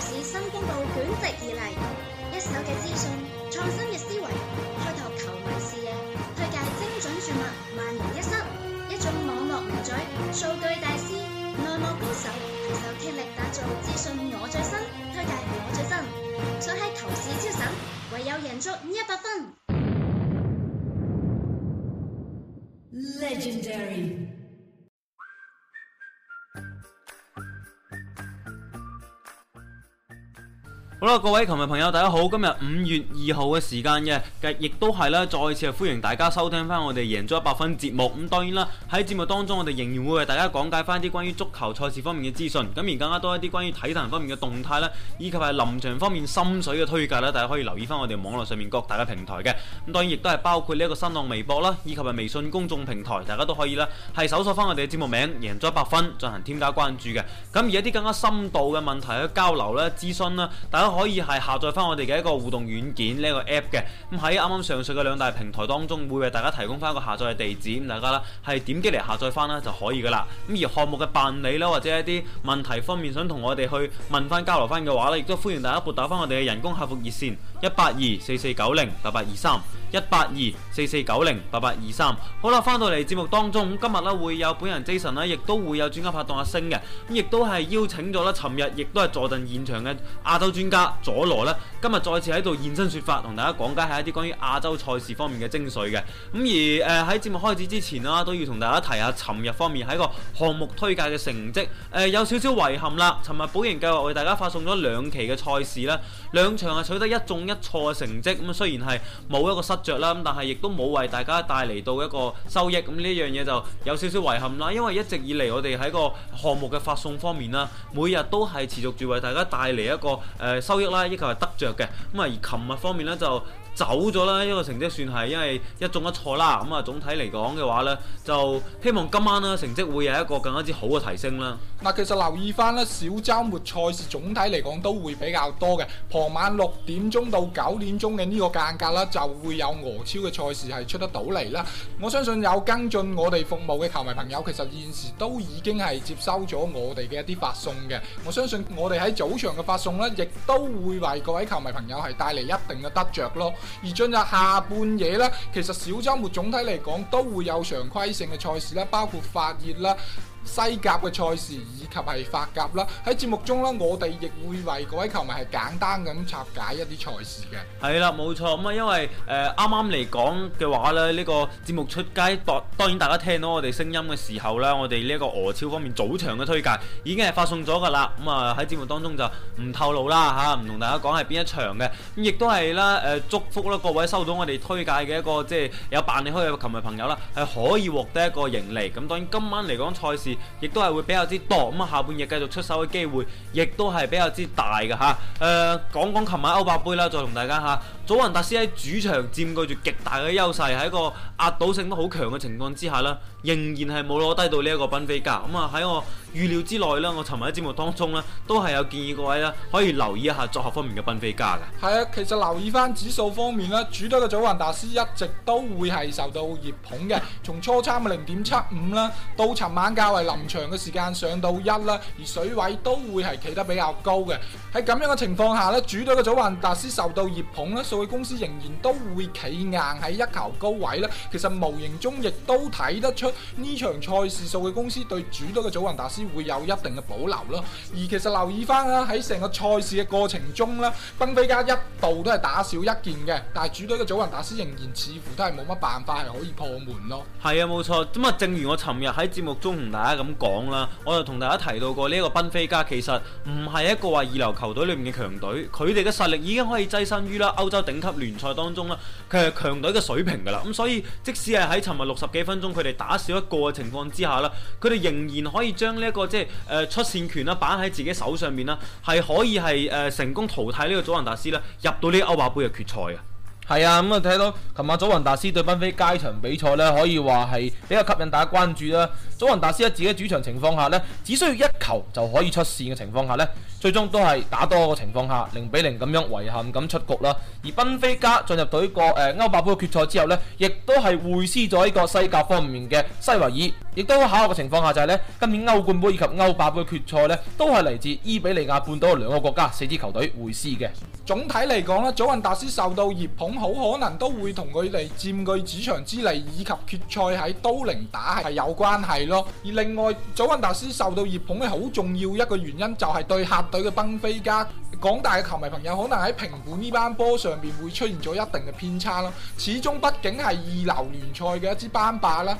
是新風暴卷席而嚟，一手嘅資訊，創新嘅思維，開拓球迷視野，推介精準注物，萬無一失。一種網絡名嘴，數據大師，內幕高手，攜手傾力打造資訊我最新，推介我最新，想喺球市超神，唯有贏足一百分。Legendary。好啦，各位球迷朋友，大家好！今日五月二號嘅時間嘅，亦都係啦，再次歡迎大家收聽翻我哋贏足一百分節目。咁當然啦，喺節目當中我哋仍然會為大家講解翻一啲關於足球賽事方面嘅資訊，咁而更加多一啲關於體壇方面嘅動態啦，以及係臨場方面心水嘅推介啦，大家可以留意翻我哋網絡上面各大嘅平台嘅。咁當然亦都係包括呢一個新浪微博啦，以及係微信公眾平台，大家都可以啦，係搜索翻我哋嘅節目名《贏足一百分》進行添加關注嘅。咁而一啲更加深度嘅問題去交流啦諮詢啦，大家。可以係下載翻我哋嘅一個互動軟件呢個 app 嘅，咁喺啱啱上述嘅兩大平台當中，會為大家提供翻一個下載嘅地址，咁大家呢係點擊嚟下載翻啦就可以噶啦。咁而項目嘅辦理啦，或者一啲問題方面想同我哋去問翻交流翻嘅話呢，亦都歡迎大家撥打翻我哋嘅人工客服熱線一八二四四九零八八二三一八二四四九零八八二三。好啦，翻到嚟節目當中，今日呢會有本人 Jason 啦，亦都會有專家拍檔阿星嘅，咁亦都係邀請咗啦，尋日亦都係坐陣現場嘅亞洲專家。佐羅呢，今日再次喺度現身說法，同大家講解下一啲關於亞洲賽事方面嘅精髓嘅。咁而誒喺節目開始之前啦，都要同大家提下尋日方面喺個項目推介嘅成績。誒、呃、有少少遺憾啦，尋日保盈計劃為大家發送咗兩期嘅賽事咧，兩場係取得一中一錯嘅成績。咁啊雖然係冇一個失着啦，咁但係亦都冇為大家帶嚟到一個收益。咁呢樣嘢就有少少遺憾啦。因為一直以嚟我哋喺個項目嘅發送方面啦，每日都係持續住為大家帶嚟一個誒。呃收益啦，依個係得着嘅。咁啊，而琴日方面咧就。走咗啦，呢個成績算係，因為一中一錯啦。咁啊，總體嚟講嘅話呢，就希望今晚咧成績會有一個更加之好嘅提升啦。嗱，其實留意翻咧，小周末賽事總體嚟講都會比較多嘅。傍晚六點鐘到九點鐘嘅呢個間隔啦，就會有俄超嘅賽事係出得到嚟啦。我相信有跟進我哋服務嘅球迷朋友，其實現時都已經係接收咗我哋嘅一啲發送嘅。我相信我哋喺早場嘅發送呢，亦都會為各位球迷朋友係帶嚟一定嘅得着咯。而進入下半夜咧，其實小周末總體嚟講都會有常規性嘅賽事啦，包括發熱啦。西甲嘅賽事以及係法甲啦，喺節目中啦，我哋亦會為各位球迷係簡單咁拆解一啲賽事嘅。係啦，冇錯，咁啊，因為誒啱啱嚟講嘅話咧，呢個節目出街，當當然大家聽到我哋聲音嘅時候咧，我哋呢一個俄超方面早場嘅推介已經係發送咗噶啦。咁啊喺節目當中就唔透露啦吓，唔同大家講係邊一場嘅。咁亦都係啦誒祝福啦各位收到我哋推介嘅一個即係有辦理開嘅球迷朋友啦，係可以獲得一個盈利。咁當然今晚嚟講賽事。亦都係會比較之多，咁啊，下半日繼續出手嘅機會，亦都係比較之大嘅吓。誒、呃，講講琴晚歐霸盃啦，再同大家吓。祖雲達斯喺主場佔據住極大嘅優勢，喺一個壓倒性都好強嘅情況之下啦。仍然係冇攞低到呢一個賓菲加，咁啊喺我預料之內啦。我尋日喺節目當中呢，都係有建議各位啦，可以留意一下作客方面嘅賓菲加嘅。係啊，其實留意翻指數方面啦，主隊嘅祖雲達斯一直都會係受到熱捧嘅。從初參嘅零點七五啦，到尋晚較為臨場嘅時間上到一啦，而水位都會係企得比較高嘅。喺咁樣嘅情況下呢，主隊嘅祖雲達斯受到熱捧呢，數據公司仍然都會企硬喺一球高位啦。其實模型中亦都睇得出。呢場賽事，數據公司對主隊嘅祖雲達斯會有一定嘅保留咯。而其實留意翻啦，喺成個賽事嘅過程中啦，賓菲加一度都係打少一件嘅，但係主隊嘅祖雲達斯仍然似乎都係冇乜辦法係可以破門咯。係啊，冇錯。咁啊，正如我尋日喺節目中同大家咁講啦，我就同大家提到過呢一，這個賓菲加，其實唔係一個話二流球隊裏面嘅強隊，佢哋嘅實力已經可以躋身於啦歐洲頂級聯賽當中啦，佢係強隊嘅水平噶啦。咁所以即使係喺尋日六十幾分鐘佢哋打少一個嘅情況之下啦，佢哋仍然可以將呢一個即係誒、呃、出線權啦，擺喺自己手上面啦，係可以係誒、呃、成功淘汰呢個祖雲達斯啦，入到呢歐霸盃嘅決賽啊！係啊，咁啊睇到琴晚祖雲達斯對賓菲加場比賽咧，可以話係比較吸引大家關注啦。祖雲達斯喺自己主場情況下呢，只需要一球就可以出線嘅情況下呢，最終都係打多個情況下零比零咁樣遺憾咁出局啦。而賓菲加進入到呢、這個誒歐霸盃嘅決賽之後呢，亦都係會師咗呢個西甲方面嘅西維爾，亦都巧合嘅情況下就係呢今年歐冠盃以及歐霸盃嘅決賽呢，都係嚟自伊比利亞半島嘅兩個國家四支球隊會師嘅。總體嚟講呢祖雲達斯受到熱捧。好可能都會同佢哋佔據主場之利，以及決賽喺都靈打係有關係咯。而另外，祖雲達斯受到熱捧嘅好重要一個原因，就係對客隊嘅賓菲加，廣大嘅球迷朋友可能喺評判呢班波上面會出現咗一定嘅偏差咯。始終，畢竟係二流聯賽嘅一支班霸啦。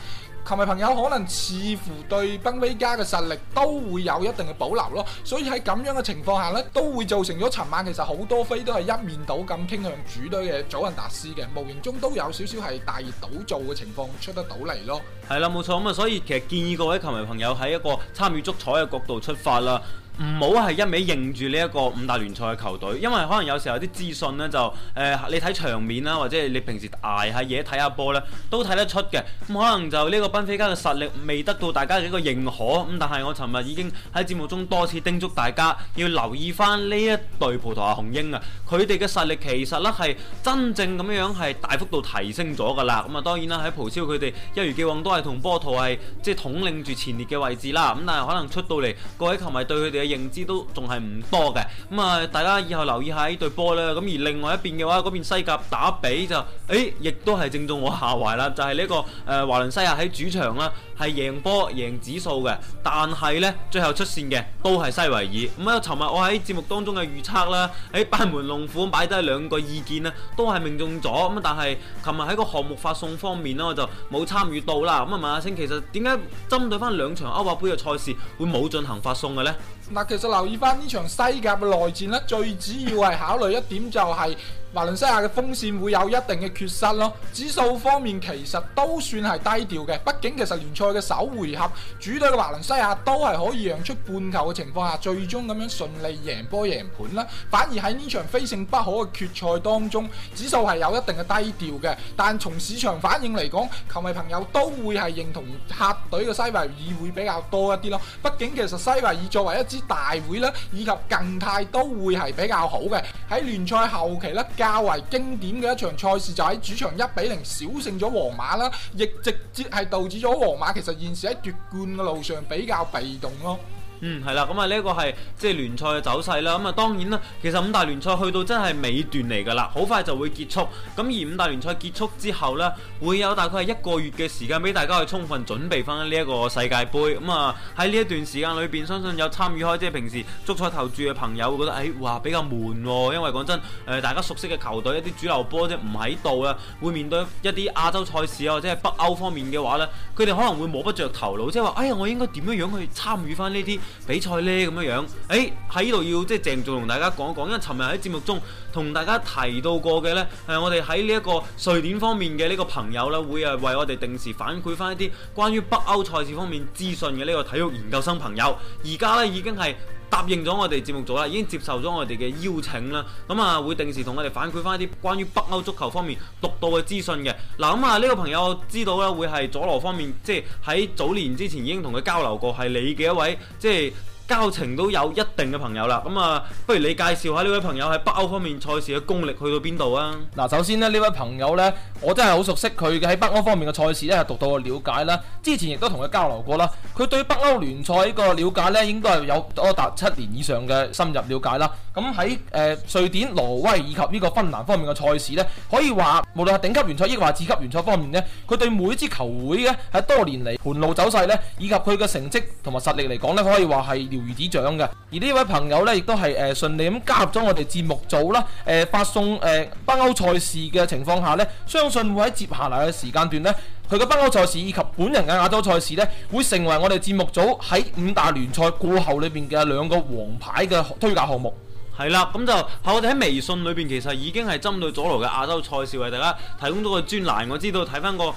球迷朋友可能似乎對賓菲加嘅實力都會有一定嘅保留咯，所以喺咁樣嘅情況下呢都會造成咗尋晚其實好多飛都係一面倒咁傾向主隊嘅祖雲達斯嘅，無形中都有少少係大熱倒灶嘅情況出得到嚟咯是。係啦，冇錯咁啊，所以其實建議各位球迷朋友喺一個參與足彩嘅角度出發啦。唔好係一味認住呢一個五大聯賽嘅球隊，因為可能有時候啲資訊呢。就、呃、你睇場面啦，或者你平時捱下嘢睇下波呢，都睇得出嘅。咁、嗯、可能就呢個賓菲加嘅實力未得到大家嘅一個認可。咁、嗯、但係我尋日已經喺節目中多次叮囑大家要留意翻呢一隊葡萄牙雄鷹啊！佢哋嘅實力其實呢係真正咁樣係大幅度提升咗㗎啦。咁、嗯、啊當然啦，喺葡超佢哋一如既往都係同波圖係即係統領住前列嘅位置啦。咁、嗯、但係可能出到嚟各位球迷對佢哋嘅認知都仲係唔多嘅，咁啊，大家以後留意下對呢對波啦。咁而另外一邊嘅話，嗰邊西甲打比就，誒、欸，亦都係正中我下懷啦。就係、是、呢、這個誒、華、呃、倫西亞喺主場啦，係贏波贏指數嘅，但係呢，最後出線嘅都係西維爾。咁、嗯、啊，尋日我喺節目當中嘅預測啦，喺、欸、八門龍虎擺低兩個意見呢，都係命中咗。咁啊，但係琴日喺個項目發送方面呢，我就冇參與到啦。咁啊，問下先，其實點解針對翻兩場歐霸盃嘅賽事會冇進行發送嘅呢？嗱，其實留意翻呢場西甲嘅內戰咧，最主要係考慮一點就係、是。華倫西亞嘅鋒線會有一定嘅缺失咯，指數方面其實都算係低調嘅，畢竟其實聯賽嘅首回合主隊嘅華倫西亞都係可以讓出半球嘅情況下，最終咁樣順利贏波贏盤啦。反而喺呢場非勝不可嘅決賽當中，指數係有一定嘅低調嘅，但從市場反應嚟講，球迷朋友都會係認同客隊嘅西維爾會比較多一啲咯。畢竟其實西維爾作為一支大會啦，以及近態都會係比較好嘅，喺聯賽後期咧。較為經典嘅一場賽事，就喺主場一比零小勝咗皇馬啦。亦直接係導致咗皇馬其實現時喺奪冠嘅路上比較被動囉。嗯，係啦，咁啊呢個係即係聯賽嘅走勢啦，咁啊當然啦，其實五大聯賽去到真係尾段嚟噶啦，好快就會結束。咁而五大聯賽結束之後呢，會有大概係一個月嘅時間俾大家去充分準備翻呢一個世界杯。咁啊喺呢一段時間裏邊，相信有參與開即係平時足彩投注嘅朋友會覺得，哎，哇比較悶哦，因為講真，誒，呃，大家熟悉嘅球隊一啲主流波啫唔喺度啊，會面對一啲亞洲賽事啊或者係北歐方面嘅話呢，佢哋可能會摸不着頭腦，即係話哎呀我應該點樣樣去參與翻呢啲？比賽呢，咁樣樣，誒喺呢度要即係鄭重同大家講一講，因為尋日喺節目中同大家提到過嘅呢，係我哋喺呢一個瑞典方面嘅呢個朋友呢，會係為我哋定時反饋翻一啲關於北歐賽事方面資訊嘅呢個體育研究生朋友，而家呢，已經係。答應咗我哋節目組啦，已經接受咗我哋嘅邀請啦，咁啊會定時同我哋反饋翻一啲關於北歐足球方面獨到嘅資訊嘅。嗱，咁啊呢個朋友知道咧，會係佐羅方面，即係喺早年之前已經同佢交流過，係你嘅一位，即係。交情都有一定嘅朋友啦，咁啊，不如你介紹下呢位朋友喺北歐方面賽事嘅功力去到邊度啊？嗱，首先呢，呢位朋友呢，我真係好熟悉佢嘅喺北歐方面嘅賽事呢係讀到個了解啦。之前亦都同佢交流過啦，佢對北歐聯賽呢個了解呢，應該係有多達七年以上嘅深入了解啦。咁喺誒瑞典、挪威以及呢個芬蘭方面嘅賽事呢，可以話無論係頂級聯賽亦或次級聯賽方面呢，佢對每支球會呢，喺多年嚟盤路走勢呢，以及佢嘅成績同埋實力嚟講呢，可以話係。如指掌嘅，而呢位朋友呢，亦都係誒順利咁加入咗我哋節目組啦。誒、呃，發送誒北歐賽事嘅情況下呢，相信會喺接下來嘅時間段呢，佢嘅北歐賽事以及本人嘅亞洲賽事呢，會成為我哋節目組喺五大聯賽過後裏邊嘅兩個王牌嘅推介項目。係啦，咁就係我哋喺微信裏邊，其實已經係針對佐羅嘅亞洲賽事為大家提供咗個專欄。我知道睇翻個誒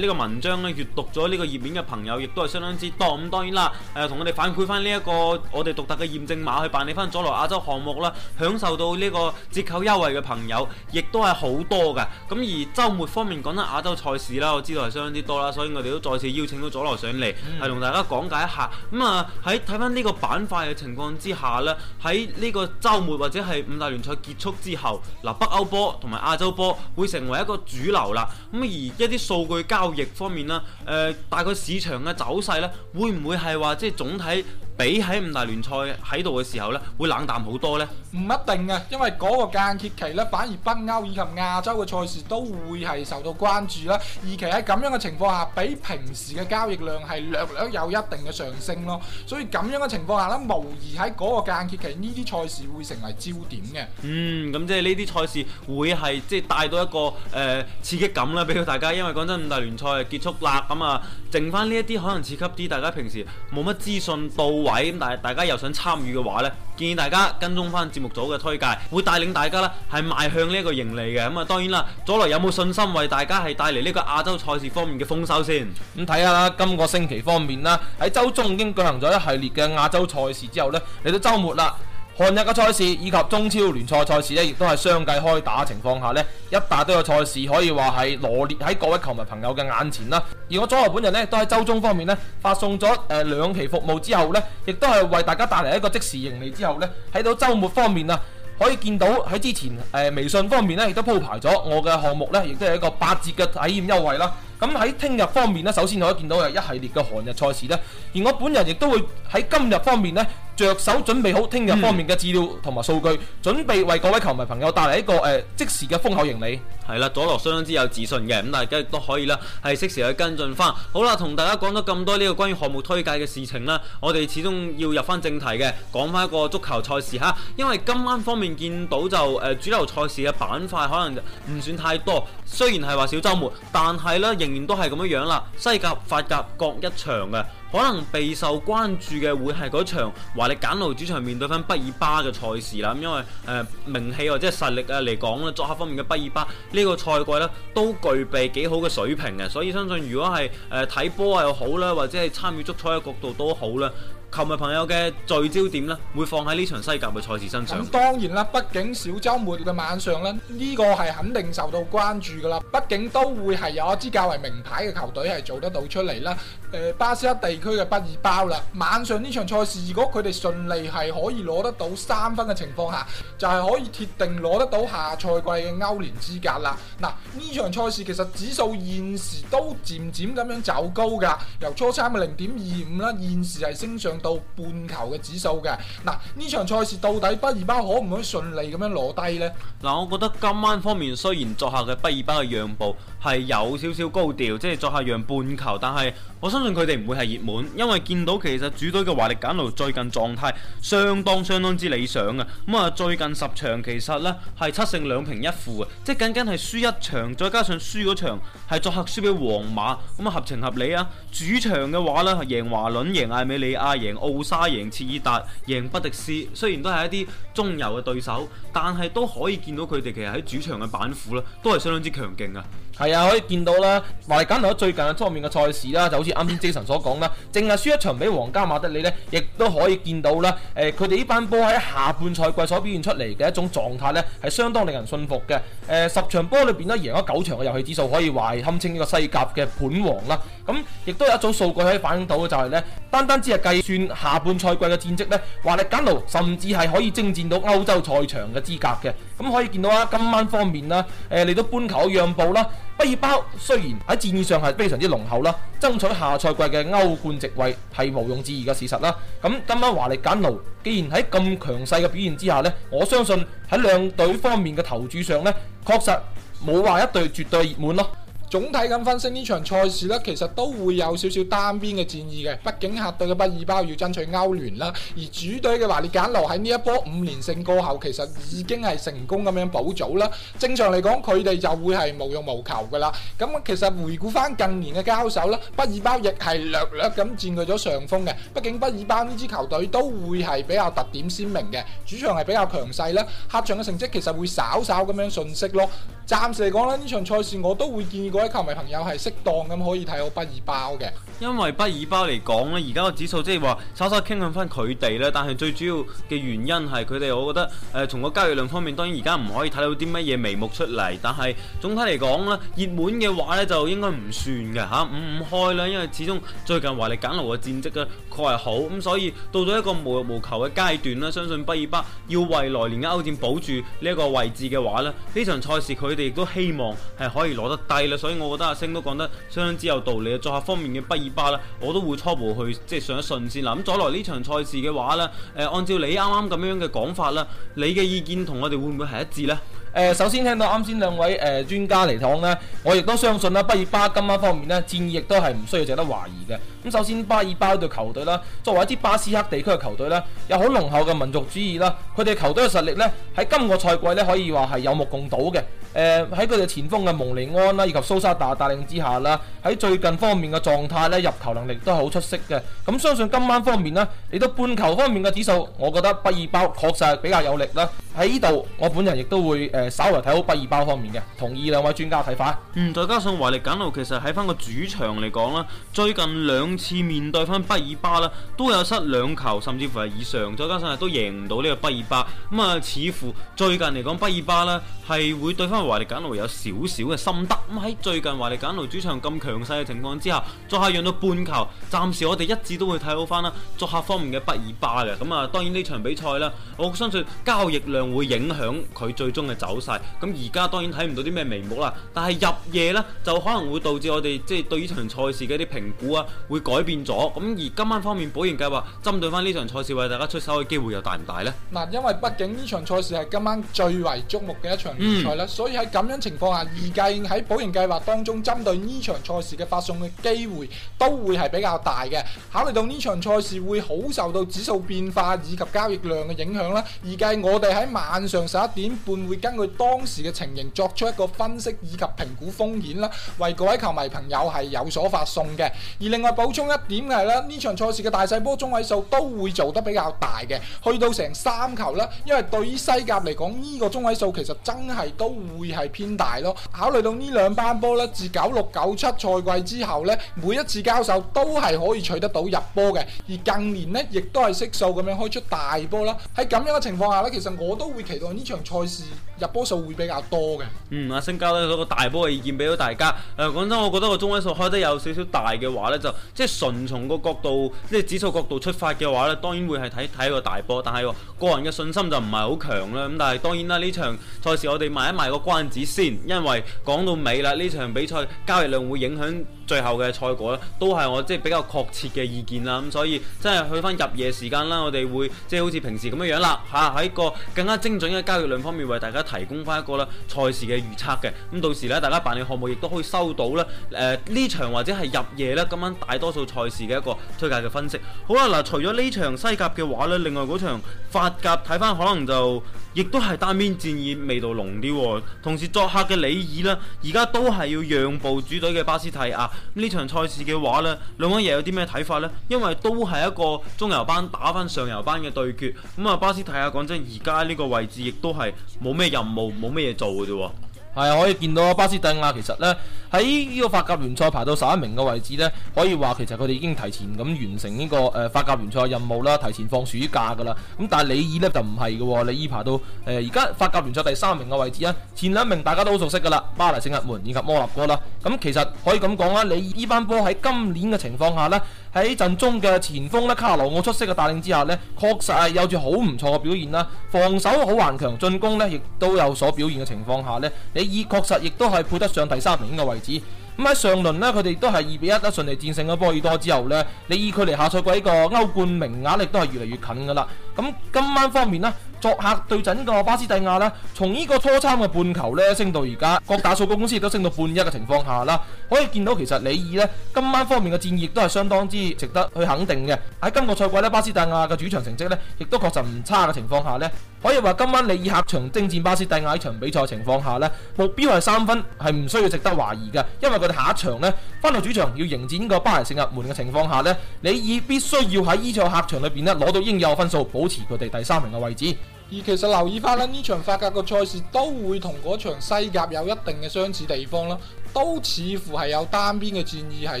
呢個文章咧，閲讀咗呢個頁面嘅朋友，亦都係相當之多。咁、嗯、當然啦，誒同我哋反饋翻呢一個我哋獨特嘅驗證碼去辦理翻佐羅亞洲項目啦，享受到呢個折扣優惠嘅朋友，亦都係好多㗎。咁而周末方面講緊亞洲賽事啦，我知道係相當之多啦，所以我哋都再次邀請到佐羅上嚟，係、嗯、同大家講解一下。咁啊喺睇翻呢個板塊嘅情況之下呢，喺呢個週。或者係五大聯賽結束之後，嗱北歐波同埋亞洲波會成為一個主流啦。咁而一啲數據交易方面啦，誒、呃、大概市場嘅走勢咧，會唔會係話即係總體。比喺五大聯賽喺度嘅時候呢，會冷淡好多呢。唔一定啊，因為嗰個間歇期呢，反而北歐以及亞洲嘅賽事都會係受到關注啦。而其喺咁樣嘅情況下，比平時嘅交易量係略略有一定嘅上升咯。所以咁樣嘅情況下呢，無疑喺嗰個間歇期呢啲賽事會成為焦點嘅。嗯，咁即係呢啲賽事會係即係帶到一個誒刺激感啦，俾到大家。因為講真，五大聯賽結束啦，咁啊，剩翻呢一啲可能刺激啲，大家平時冇乜資訊到位但係大家又想參與嘅話咧，建議大家跟蹤翻節目組嘅推介，會帶領大家啦，係邁向呢一個盈利嘅。咁啊，當然啦，佐羅有冇信心為大家係帶嚟呢個亞洲賽事方面嘅豐收先？咁睇下啦，今個星期方面啦，喺週中已經舉行咗一系列嘅亞洲賽事之後呢，嚟到週末啦。韓日嘅賽事以及中超聯賽賽，賽事咧，亦都係相繼開打情況下呢，一大堆嘅賽事可以話係羅列喺各位球迷朋友嘅眼前啦。而我左右本人呢，都喺周中方面呢，發送咗誒兩期服務之後呢，亦都係為大家帶嚟一個即時盈利之後呢，喺到周末方面啊，可以見到喺之前誒微信方面呢，亦都鋪排咗我嘅項目呢，亦都係一個八折嘅體驗優惠啦。咁喺聽日方面呢，首先可以見到有一系列嘅韓日賽事咧，而我本人亦都會喺今日方面呢。着手準備好聽日方面嘅資料同埋數據，嗯，準備為各位球迷朋友帶嚟一個誒、呃、即時嘅豐厚盈利。係啦，佐羅相當之有自信嘅，咁大家亦都可以啦，係適時去跟進翻。好啦，同大家講咗咁多呢個關於項目推介嘅事情啦，我哋始終要入翻正題嘅，講翻一個足球賽事哈。因為今晚方面見到就誒、呃、主流賽事嘅板塊可能唔算太多，雖然係話小周末，但係呢仍然都係咁樣樣啦。西甲、法甲各一場嘅，可能備受關注嘅會係嗰場華力簡奴主場面對翻畢爾巴嘅賽事啦。咁因為誒、呃、名氣或者實力啊嚟講呢，作客方面嘅畢爾巴。這個、呢個賽季咧都具備幾好嘅水平嘅，所以相信如果係誒睇波又好啦，或者係參與足彩嘅角度都好啦。球迷朋友嘅聚焦點咧，會放喺呢場西甲嘅賽事身上。咁當然啦，畢竟小週末嘅晚上咧，呢個係肯定受到關注噶啦。畢竟都會係有一支較為名牌嘅球隊係做得到出嚟啦。呃、巴斯克地區嘅畢爾包啦。晚上呢場賽事，如果佢哋順利係可以攞得到三分嘅情況下，就係可以鐵定攞得到下賽季嘅歐聯資格啦。嗱，呢場賽事其實指數現時都漸漸咁樣走高噶，由初三嘅零點二五啦，現時係升上。到半球嘅指數嘅。嗱，呢場賽事到底畢爾巴可唔可以順利咁樣攞低咧？嗱，我覺得今晚方面雖然作客嘅畢爾巴嘅讓步係有少少高調，即係作客讓半球，但係。我相信佢哋唔會係熱門，因為見到其實主隊嘅華力簡奴最近狀態相當相當之理想啊。咁啊，最近十場其實咧係七勝兩平一負啊，即係僅僅係輸一場，再加上輸嗰場係作客輸俾皇馬，咁啊合情合理啊。主場嘅話咧，贏華倫、贏艾美利亞、贏奧沙、贏切爾達、贏不迪斯，雖然都係一啲中游嘅對手，但係都可以見到佢哋其實喺主場嘅板斧啦，都係相當之強勁啊。係啊，可以見到啦，華力簡奴喺最近嘅方面嘅賽事啦，就好似。啱先，Jason 所講啦，淨係輸一場俾皇家馬德里呢，亦都可以見到啦。誒，佢哋呢班波喺下半賽季所表現出嚟嘅一種狀態呢，係相當令人信服嘅。誒，十場波裏邊都贏咗九場嘅遊戲指數，可以話堪稱呢個西甲嘅盤王啦。咁亦都有一組數據可以反映到嘅就係、是、呢：單單只係計算下半賽季嘅戰績呢，華力簡奴甚至係可以征戰到歐洲賽場嘅資格嘅。咁可以見到啦，今晚方面啦嚟到半球讓步啦。畢爾包雖然喺戰意上係非常之濃厚啦，爭取下賽季嘅歐冠席位係毋庸置疑嘅事實啦。咁今晚華歷簡奴，既然喺咁強勢嘅表現之下呢，我相信喺兩隊方面嘅投注上呢，確實冇話一隊絕對熱門咯。總體咁分析呢場賽事呢，其實都會有少少單邊嘅戰意嘅。畢竟客隊嘅畢爾包要爭取歐聯啦，而主隊嘅華列簡奴喺呢一波五連勝過後，其實已經係成功咁樣保組啦。正常嚟講，佢哋就會係無欲無求噶啦。咁其實回顧翻近年嘅交手啦，畢爾包亦係略略咁佔據咗上風嘅。畢竟畢爾包呢支球隊都會係比較特點鮮明嘅，主場係比較強勢啦，客場嘅成績其實會稍稍咁樣遜色咯。暫時嚟講啦，呢場賽事我都會建議個。球迷朋友係適當咁可以睇到畢爾包嘅，因為畢爾包嚟講咧，而家個指數即係話，稍稍傾向翻佢哋咧。但係最主要嘅原因係佢哋，我覺得誒從個交易量方面，當然而家唔可以睇到啲乜嘢眉目出嚟。但係總體嚟講咧，熱門嘅話呢，就應該唔算嘅嚇，五五開啦。因為始終最近華力簡奴嘅戰績咧確係好，咁所以到咗一個無欲無求嘅階段啦。相信畢爾包要為來年嘅歐戰保住呢一個位置嘅話咧，呢場賽事佢哋亦都希望係可以攞得低啦，所以。我覺得阿星都講得相當之有道理啊！在下方面嘅畢爾巴啦，我都會初步去即係上一順先啦。咁再嚟呢場賽事嘅話咧，誒、呃，按照你啱啱咁樣嘅講法啦，你嘅意見同我哋會唔會係一致咧？誒，首先聽到啱先兩位誒、呃、專家嚟講呢，我亦都相信啦，巴爾巴今晚方面呢，戰役都係唔需要值得懷疑嘅。咁首先巴爾巴呢隊球隊啦，作為一支巴斯克地區嘅球隊啦，有好濃厚嘅民族主義啦，佢哋球隊嘅實力呢，喺今個賽季呢，可以話係有目共睹嘅。誒喺佢哋前鋒嘅蒙尼安啦以及蘇沙達帶領之下啦，喺最近方面嘅狀態呢，入球能力都係好出色嘅。咁相信今晚方面呢，嚟到半球方面嘅指數，我覺得巴爾巴確實係比較有力啦。喺呢度我本人亦都會誒、呃稍微睇好畢爾巴方面嘅，同意兩位專家睇法。嗯，再加上華力簡奴其實喺翻個主場嚟講啦，最近兩次面對翻畢爾巴啦，都有失兩球，甚至乎係以上。再加上係都贏唔到呢個畢爾巴，咁、嗯、啊，似乎最近嚟講畢爾巴呢係會對翻華力簡奴有少少嘅心得。咁、嗯、喺最近華力簡奴主場咁強勢嘅情況之下，作客讓到半球，暫時我哋一致都會睇好翻啦。作客方面嘅畢爾巴嘅，咁、嗯、啊，當然呢場比賽啦，我相信交易量會影響佢最終嘅走路。好細，咁而家當然睇唔到啲咩眉目啦。但係入夜呢，就可能會導致我哋即係對呢場賽事嘅啲評估啊，會改變咗。咁而今晚方面，保研計劃針對翻呢場賽事，為大家出手嘅機會又大唔大呢？嗱，因為畢竟呢場賽事係今晚最為矚目嘅一場比賽啦，嗯，所以喺咁樣的情況下，預計喺保研計劃當中針對呢場賽事嘅發送嘅機會都會係比較大嘅。考慮到呢場賽事會好受到指數變化以及交易量嘅影響啦，預計我哋喺晚上十一點半會跟佢。當時嘅情形作出一個分析以及評估風險啦，為各位球迷朋友係有所發送嘅。而另外補充一點係啦，呢場賽事嘅大細波中位數都會做得比較大嘅，去到成三球啦。因為對於西甲嚟講，呢個中位數其實真係都會係偏大咯。考慮到呢兩班波啦，自九六九七賽季之後咧，每一次交手都係可以取得到入波嘅，而近年咧亦都係悉數咁樣開出大波啦。喺咁樣嘅情況下咧，其實我都會期待呢場賽事入。波數會比較多嘅，嗯，阿星交咧嗰個大波嘅意見俾到大家。誒、呃，講真，我覺得個中位數開得有少少大嘅話呢，就即係純從個角度，即係指數角度出發嘅話呢，當然會係睇睇個大波。但係個人嘅信心就唔係好強啦。咁但係當然啦，呢場賽事我哋賣一賣個關子先，因為講到尾啦，呢場比賽交易量會影響最後嘅賽果都係我即係比較確切嘅意見啦。咁所以真係去翻入夜時間啦，我哋會即係好似平時咁樣樣啦，吓、啊、喺個更加精準嘅交易量方面為大家提供翻一個啦，賽事嘅預測嘅，咁到時咧，大家辦理項目亦都可以收到呢、呃、呢場或者係入夜咧，今晚大多數賽事嘅一個推介嘅分析。好啦，嗱，除咗呢場西甲嘅話咧，另外嗰場法甲睇翻可能就。亦都係單邊戰意味道濃啲、哦，同時作客嘅李爾呢，而家都係要讓步主隊嘅巴斯蒂亞。呢場賽事嘅話呢，兩位又有啲咩睇法呢？因為都係一個中游班打翻上游班嘅對決。咁啊，巴斯蒂亞講真，而家呢個位置亦都係冇咩任務，冇咩嘢做嘅啫。係啊，可以見到巴斯蒂亞其實呢喺呢個法甲聯賽排到十一名嘅位置呢，可以話其實佢哋已經提前咁完成呢個誒法甲聯賽任務啦，提前放暑假噶啦。咁但係里爾呢就唔係嘅喎，里爾排到誒而家法甲聯賽第三名嘅位置啊，前兩名大家都好熟悉噶啦，巴黎聖日門以及摩納哥啦。咁其實可以咁講啦，里爾呢班波喺今年嘅情況下呢。喺陣中嘅前鋒咧，卡羅奧出色嘅帶領之下咧，確實係有住好唔錯嘅表現啦。防守好頑強，進攻咧亦都有所表現嘅情況下咧，你以確實亦都係配得上第三名嘅位置。咁喺上輪咧，佢哋都係二比一咧順利戰勝咗波爾多之後咧，你以距離下賽季個歐冠名額亦都係越嚟越近噶啦。咁今晚方面咧，作客對陣個巴斯蒂亞咧，從呢個初參嘅半球咧升到而家，各大數據公司亦都升到半一嘅情況下啦，可以見到其實李爾呢，今晚方面嘅戰役都係相當之值得去肯定嘅。喺今個賽季呢，巴斯蒂亞嘅主場成績呢，亦都確實唔差嘅情況下呢。可以話今晚李爾客場征戰巴斯蒂亞呢場比賽情況下呢，目標係三分係唔需要值得懷疑嘅，因為佢哋下一場呢，翻到主場要迎戰呢個巴黎聖日門嘅情況下呢，李爾必須要喺呢座客場裏面呢，攞到應有分數，保持佢哋第三名嘅位置。而其實留意翻啦，呢場法甲嘅賽事都會同嗰場西甲有一定嘅相似地方啦。都似乎係有單邊嘅戰意係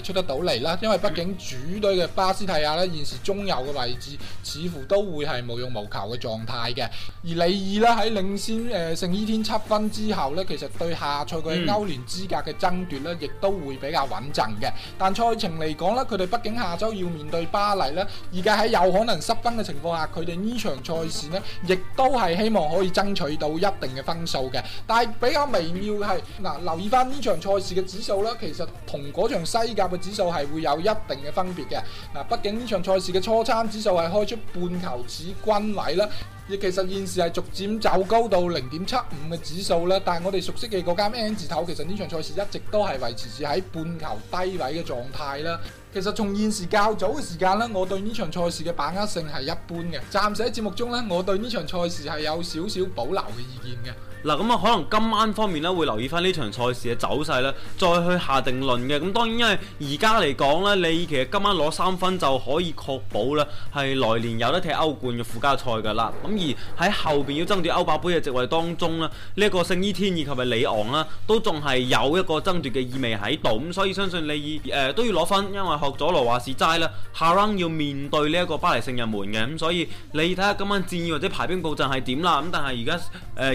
出得到嚟啦，因為畢竟主隊嘅巴斯蒂亞咧現時中游嘅位置似乎都會係無欲無求嘅狀態嘅。而李二咧喺領先誒聖、呃、伊天七分之後咧，其實對下賽季歐聯資格嘅爭奪咧，亦都會比較穩陣嘅。但賽程嚟講咧，佢哋畢竟下周要面對巴黎咧，而家喺有可能失分嘅情況下，佢哋呢場賽事咧，亦都係希望可以爭取到一定嘅分數嘅。但係比較微妙嘅係嗱，留意翻呢場賽。嘅指數啦，其實同嗰場西甲嘅指數係會有一定嘅分別嘅。嗱，畢竟呢場賽事嘅初參指數係開出半球指均位啦，亦其實現時係逐漸走高到零點七五嘅指數啦。但係我哋熟悉嘅嗰間 N 字頭，其實呢場賽事一直都係維持住喺半球低位嘅狀態啦。其實從現時較早嘅時間啦，我對呢場賽事嘅把握性係一般嘅。暫時喺節目中咧，我對呢場賽事係有少少保留嘅意見嘅。嗱，咁啊，可能今晚方面咧，會留意翻呢場賽事嘅走勢咧，再去下定論嘅。咁當然因為而家嚟講咧，你其實今晚攞三分就可以確保咧，係來年有得踢歐冠嘅附加賽噶啦。咁而喺後邊要爭奪歐霸杯嘅席位當中咧，呢、這、一個聖伊天意及埋李昂啦，都仲係有一個爭奪嘅意味喺度。咁所以相信你以、呃、都要攞分，因為學咗羅華士齋啦，下 round 要面對呢一個巴黎聖日門嘅。咁所以你睇下今晚戰意或者排兵布陣係點啦。咁但係而家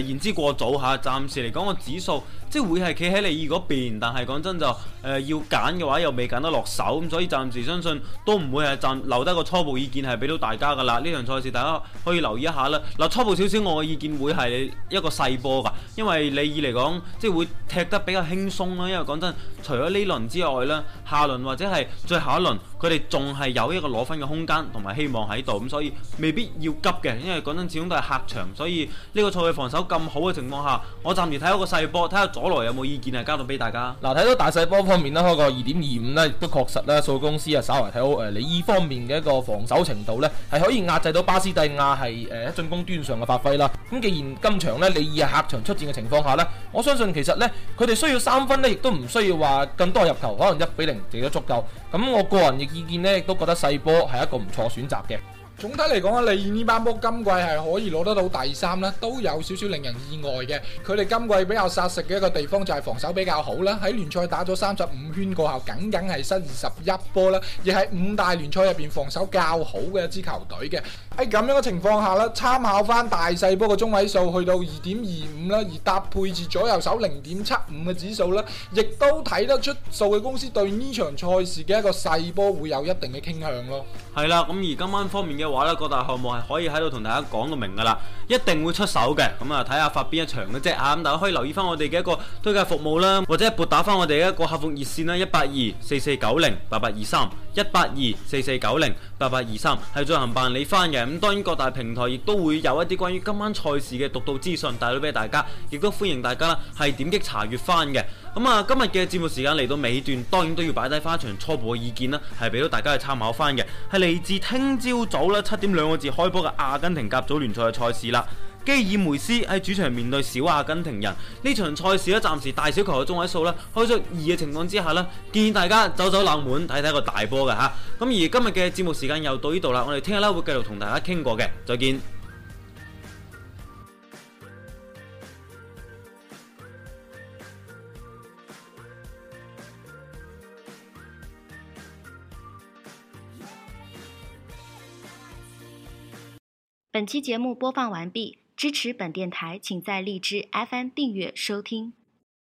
誒言之過。數下，暫時嚟講個指數。即係會係企喺利爾嗰邊，但係講真就誒、呃、要揀嘅話，又未揀得落手，咁、嗯、所以暫時相信都唔會係暫留低個初步意見係俾到大家噶啦。呢場賽事大家可以留意一下啦。嗱、呃、初步少少，我嘅意見會係一個細波㗎，因為利爾嚟講即係會踢得比較輕鬆啦。因為講真，除咗呢輪之外呢，下輪或者係最後一輪，佢哋仲係有一個攞分嘅空間同埋希望喺度，咁、嗯、所以未必要急嘅。因為講真，始終都係客場，所以呢個賽事防守咁好嘅情況下，我暫時睇一個細波，睇下。果羅有冇意見啊？交到俾大家。嗱，睇到大細波方面咧，開個二點二五呢亦都確實呢。數公司啊，稍為睇好誒，你呢方面嘅一個防守程度呢，係可以壓制到巴斯蒂亞係誒進攻端上嘅發揮啦。咁既然今場呢，你以客場出戰嘅情況下呢，我相信其實呢，佢哋需要三分呢，亦都唔需要話更多入球，可能一比零亦都足夠。咁我個人嘅意見呢，亦都覺得細波係一個唔錯選擇嘅。總體嚟講啊，利爾呢班波今季係可以攞得到第三啦，都有少少令人意外嘅。佢哋今季比較殺食嘅一個地方就係防守比較好啦。喺聯賽打咗三十五圈過後，僅僅係失二十一波啦，亦係五大聯賽入邊防守較好嘅一支球隊嘅。喺、哎、咁樣嘅情況下啦，參考翻大細波嘅中位數去到二點二五啦，而搭配住左右手零點七五嘅指數啦，亦都睇得出數據公司對呢場賽事嘅一個細波會有一定嘅傾向咯。係啦，咁而今晚方面嘅。話咧，各、那個、大項目係可以喺度同大家講到明噶啦，一定會出手嘅。咁啊，睇下發邊一場嗰隻啊，咁大家可以留意翻我哋嘅一個推介服務啦，或者撥打翻我哋嘅一個客服熱線啦，一八二四四九零八八二三。一八二四四九零八八二三係進行辦理翻嘅，咁當然各大平台亦都會有一啲關於今晚賽事嘅獨到資訊帶到俾大家，亦都歡迎大家啦係點擊查閲翻嘅。咁、嗯、啊，今日嘅節目時間嚟到尾段，當然都要擺低翻一場初步嘅意見啦，係俾到大家去參考翻嘅，係嚟自聽朝早啦七點兩個字開播嘅阿根廷甲組聯賽嘅賽事啦。基爾梅斯喺主場面對小阿根廷人，呢場賽事咧，暫時大小球嘅中位數呢，開出二嘅情況之下呢，建議大家走走冷門，睇睇個大波嘅吓。咁而今日嘅節目時間又到呢度啦，我哋聽日呢，會繼續同大家傾過嘅，再見。本期節目播放完畢。支持本電台，請在荔枝 FM 訂閱收聽。